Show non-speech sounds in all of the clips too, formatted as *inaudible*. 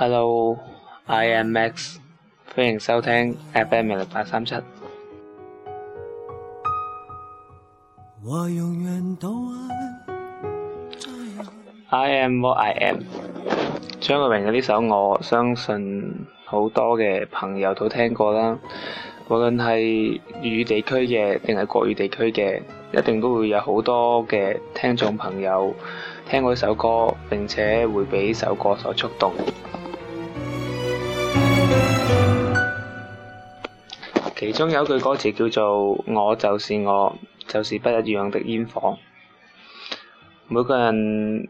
Hello，I am Max，歡迎收聽 FM 零六八三七。I am what I am。張國榮嘅呢首，我相信好多嘅朋友都聽過啦。無論係粵語地區嘅，定係國語地區嘅，一定都會有好多嘅聽眾朋友聽過呢首歌，並且會俾呢首歌所觸動。其中有一句歌詞叫做「我就是我，就是不一樣的煙火」。每個人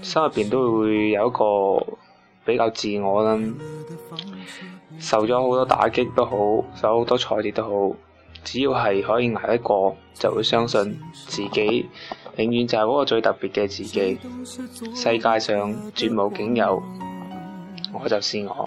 心入邊都會有一個比較自我啦，受咗好多打擊都好，受好多挫折都好，只要係可以捱得過，就會相信自己永遠就係嗰個最特別嘅自己，世界上絕無僅有，我就是我。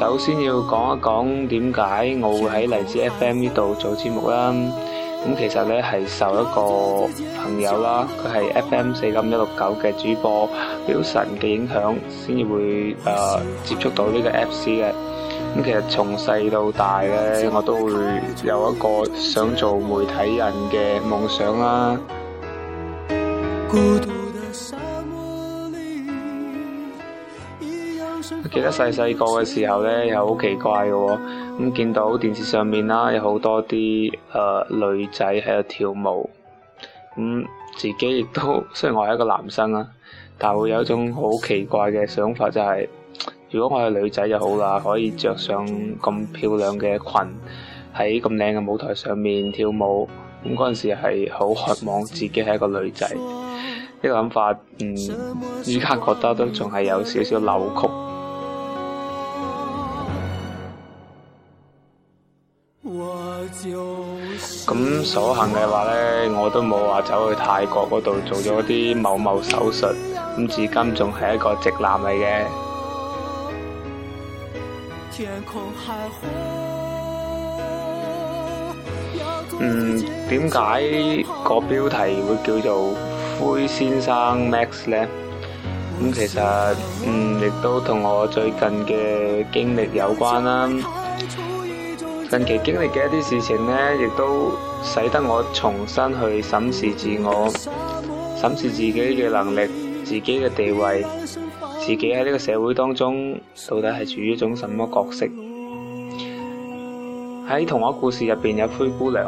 首先要講一講點解我會喺荔枝 FM 呢度做節目啦。咁其實咧係受一個朋友啦，佢係 FM 四五一六九嘅主播表神嘅影響，先至會誒接觸到呢個 FC 嘅。咁其實從細到大咧，我都會有一個想做媒體人嘅夢想啦。記得細細個嘅時候咧，又好奇怪嘅喎、哦。咁、嗯、見到電視上面啦，有好多啲誒、呃、女仔喺度跳舞。咁、嗯、自己亦都雖然我係一個男生啦，但係會有一種好奇怪嘅想法、就是、就係如果我係女仔就好啦，可以着上咁漂亮嘅裙喺咁靚嘅舞台上面跳舞。咁嗰陣時係好渴望自己係一個女仔。呢、這個諗法，嗯，依家覺得都仲係有少少扭曲。咁所幸嘅話呢，我都冇話走去泰國嗰度做咗啲某某手術，咁至今仲係一個直男嚟嘅。嗯，點解個標題會叫做《灰先生 Max》呢？咁其實嗯亦都同我最近嘅經歷有關啦。近期經歷嘅一啲事情呢，亦都使得我重新去審視自我、審視自己嘅能力、自己嘅地位、自己喺呢個社會當中到底係處於一種什麼角色。喺童話故事入邊有灰姑娘，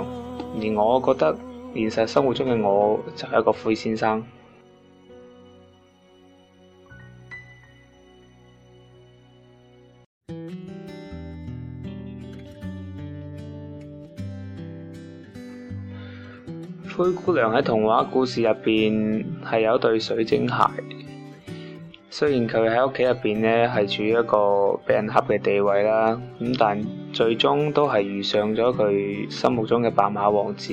而我覺得現實生活中嘅我就係一個灰先生。灰姑娘喺童話故事入邊係有一對水晶鞋，雖然佢喺屋企入邊咧係處於一個畀人蝦嘅地位啦，咁但最終都係遇上咗佢心目中嘅白馬王子，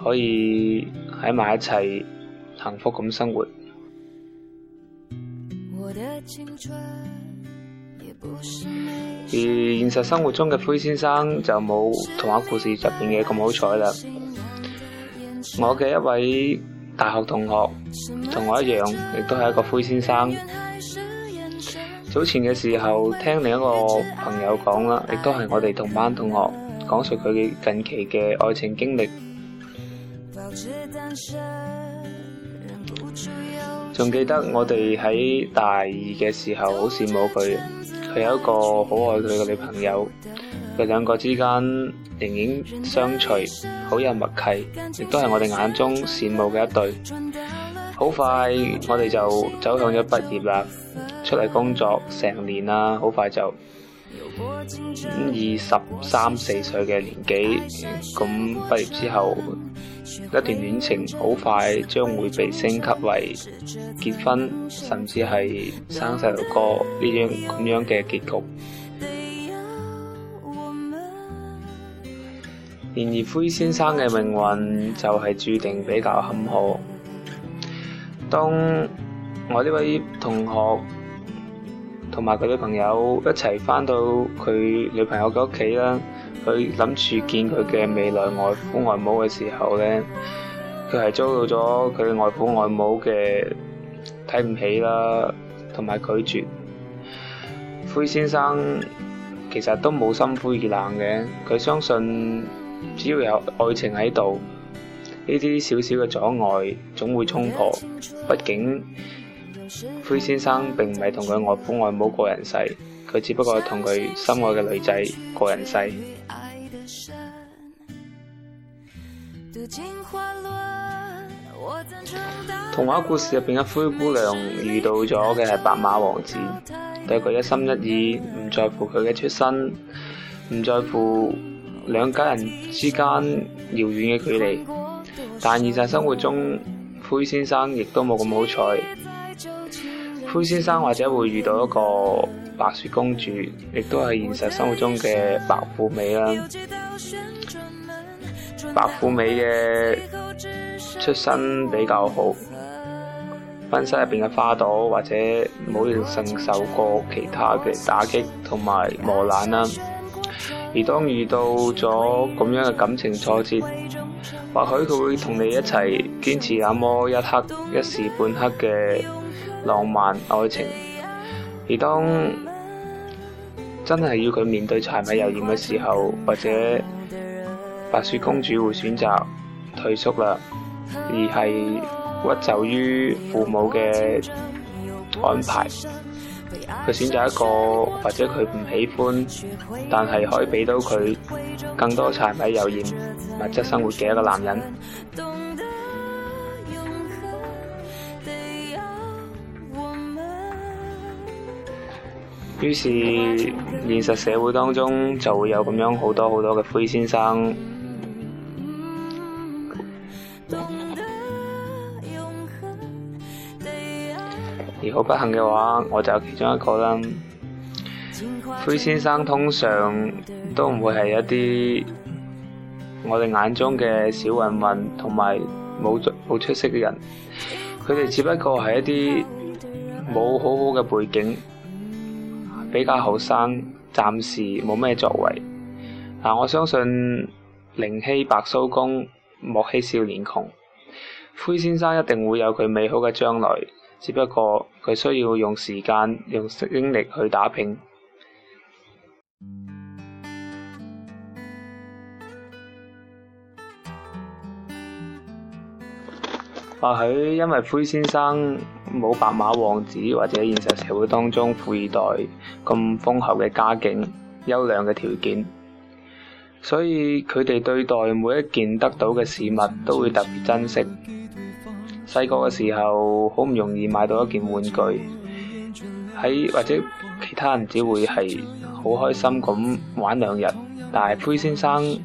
可以喺埋一齊幸福咁生活。而現實生活中嘅灰先生就冇童話故事入邊嘅咁好彩啦。我嘅一位大學同學，同我一樣，亦都係一個灰先生。早前嘅時候，聽另一個朋友講啦，亦都係我哋同班同學，講述佢嘅近期嘅愛情經歷。仲記得我哋喺大二嘅時候羨，好羨慕佢，佢有一個好愛佢嘅女朋友。佢哋兩個之間仍然相隨，好有默契，亦都係我哋眼中羨慕嘅一對。好快，我哋就走向咗畢業啦，出嚟工作成年啦，好快就二十三四歲嘅年紀，咁畢業之後，一段戀情好快將會被升級為結婚，甚至係生細路哥呢種咁樣嘅結局。然而，灰先生嘅命運就係注定比較坎坷。當我呢位同學同埋佢女朋友一齊翻到佢女朋友嘅屋企啦，佢諗住見佢嘅未來外父外母嘅時候咧，佢係遭到咗佢外父外母嘅睇唔起啦，同埋拒絕。灰先生其實都冇心灰意冷嘅，佢相信。只要有愛情喺度，呢啲小小嘅阻礙總會衝破。畢竟灰先生並唔係同佢外父外母過人世，佢只不過係同佢心愛嘅女仔過人世。童話故事入邊嘅灰姑娘遇到咗嘅係白馬王子，對佢一心一意，唔在乎佢嘅出身，唔在乎兩家人之間遙遠嘅距離，但現實生活中，灰先生亦都冇咁好彩。灰先生或者會遇到一個白雪公主，亦都係現實生活中嘅白富美啦。白富美嘅出身比較好，溫室入邊嘅花朵或者冇要承受過其他嘅打擊同埋磨難啦。而當遇到咗咁樣嘅感情挫折，或許佢會同你一齊堅持那麼一刻、一時半刻嘅浪漫愛情。而當真係要佢面對柴米油鹽嘅時候，或者白雪公主會選擇退縮啦，而係屈就於父母嘅安排。佢選擇一個或者佢唔喜歡，但係可以俾到佢更多柴米油鹽、物質生活嘅一個男人。於是現實社會當中就會有咁樣好多好多嘅灰先生。如果不幸嘅話，我就有其中一個啦。灰先生通常都唔會係一啲我哋眼中嘅小混混，同埋冇冇出息嘅人。佢哋只不過係一啲冇好好嘅背景，比較後生，暫時冇咩作為。嗱、啊，我相信寧欺白鬚公，莫欺少年窮。灰先生一定會有佢美好嘅將來。只不過佢需要用時間、用精力去打拼。或許因為灰先生冇白馬王子，或者現實社會當中富二代咁豐厚嘅家境、優良嘅條件，所以佢哋對待每一件得到嘅事物都會特別珍惜。細個嘅時候，好唔容易買到一件玩具，喺或者其他人只會係好開心咁玩兩日，但係灰先生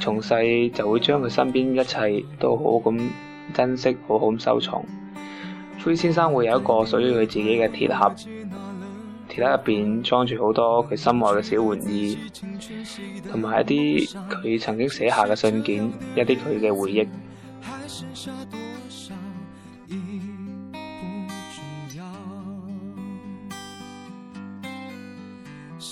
從細就會將佢身邊一切都好咁珍惜，好好咁收藏。灰先生會有一個屬於佢自己嘅鐵盒，鐵盒入邊裝住好多佢心愛嘅小玩意，同埋一啲佢曾經寫下嘅信件，一啲佢嘅回憶。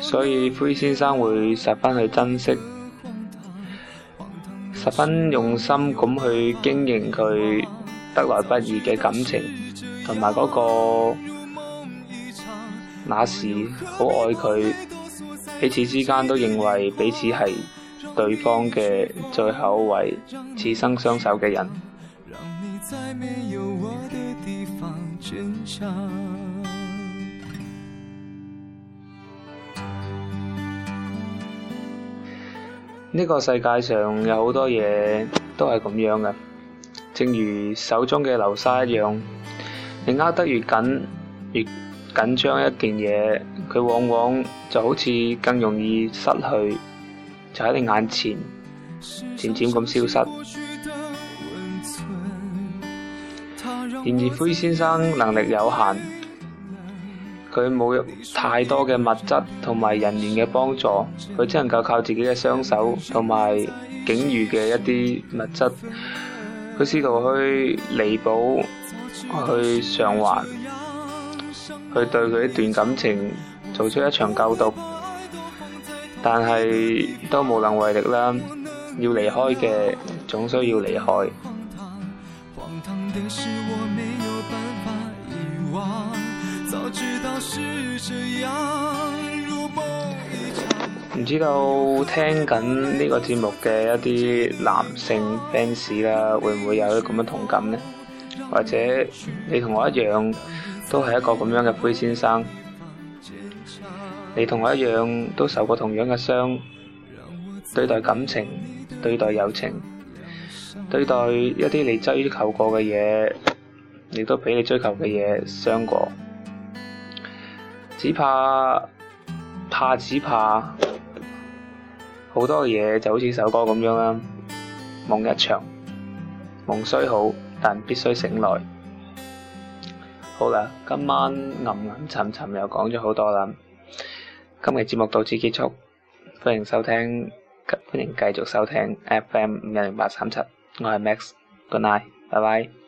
所以灰先生會十分去珍惜，十分用心咁去經營佢得來不易嘅感情，同埋嗰個那時好愛佢，彼此之間都認為彼此係對方嘅最後一位，此生相守嘅人。呢個世界上有好多嘢都係咁樣嘅，正如手中嘅流沙一樣，你握得越緊，越緊張一件嘢，佢往往就好似更容易失去，就喺你眼前，漸漸咁消失。 *noise* *noise* 然而，灰先生能力有限。佢冇太多嘅物質同埋人員嘅幫助，佢只能夠靠自己嘅雙手同埋境遇嘅一啲物質，佢試圖去彌補、去償還、去對佢一段感情做出一場救贖，但係都無能為力啦。要離開嘅總需要離開。唔知道聽緊呢個節目嘅一啲男性 fans 啦，會唔會有咁嘅同感呢？或者你同我一樣，都係一個咁樣嘅灰先生。你同我一樣，都受過同樣嘅傷，對待感情、對待友情、對待一啲你追求過嘅嘢，你都俾你追求嘅嘢傷過。只怕，怕只怕好多嘢就好似首歌咁樣啦。夢一場，夢雖好，但必須醒來。好啦，今晚吟吟沉沉又講咗好多啦。今日節目到此結束，歡迎收聽，歡迎繼續收聽 FM 五零八三七。我係 Max，Good night，拜拜。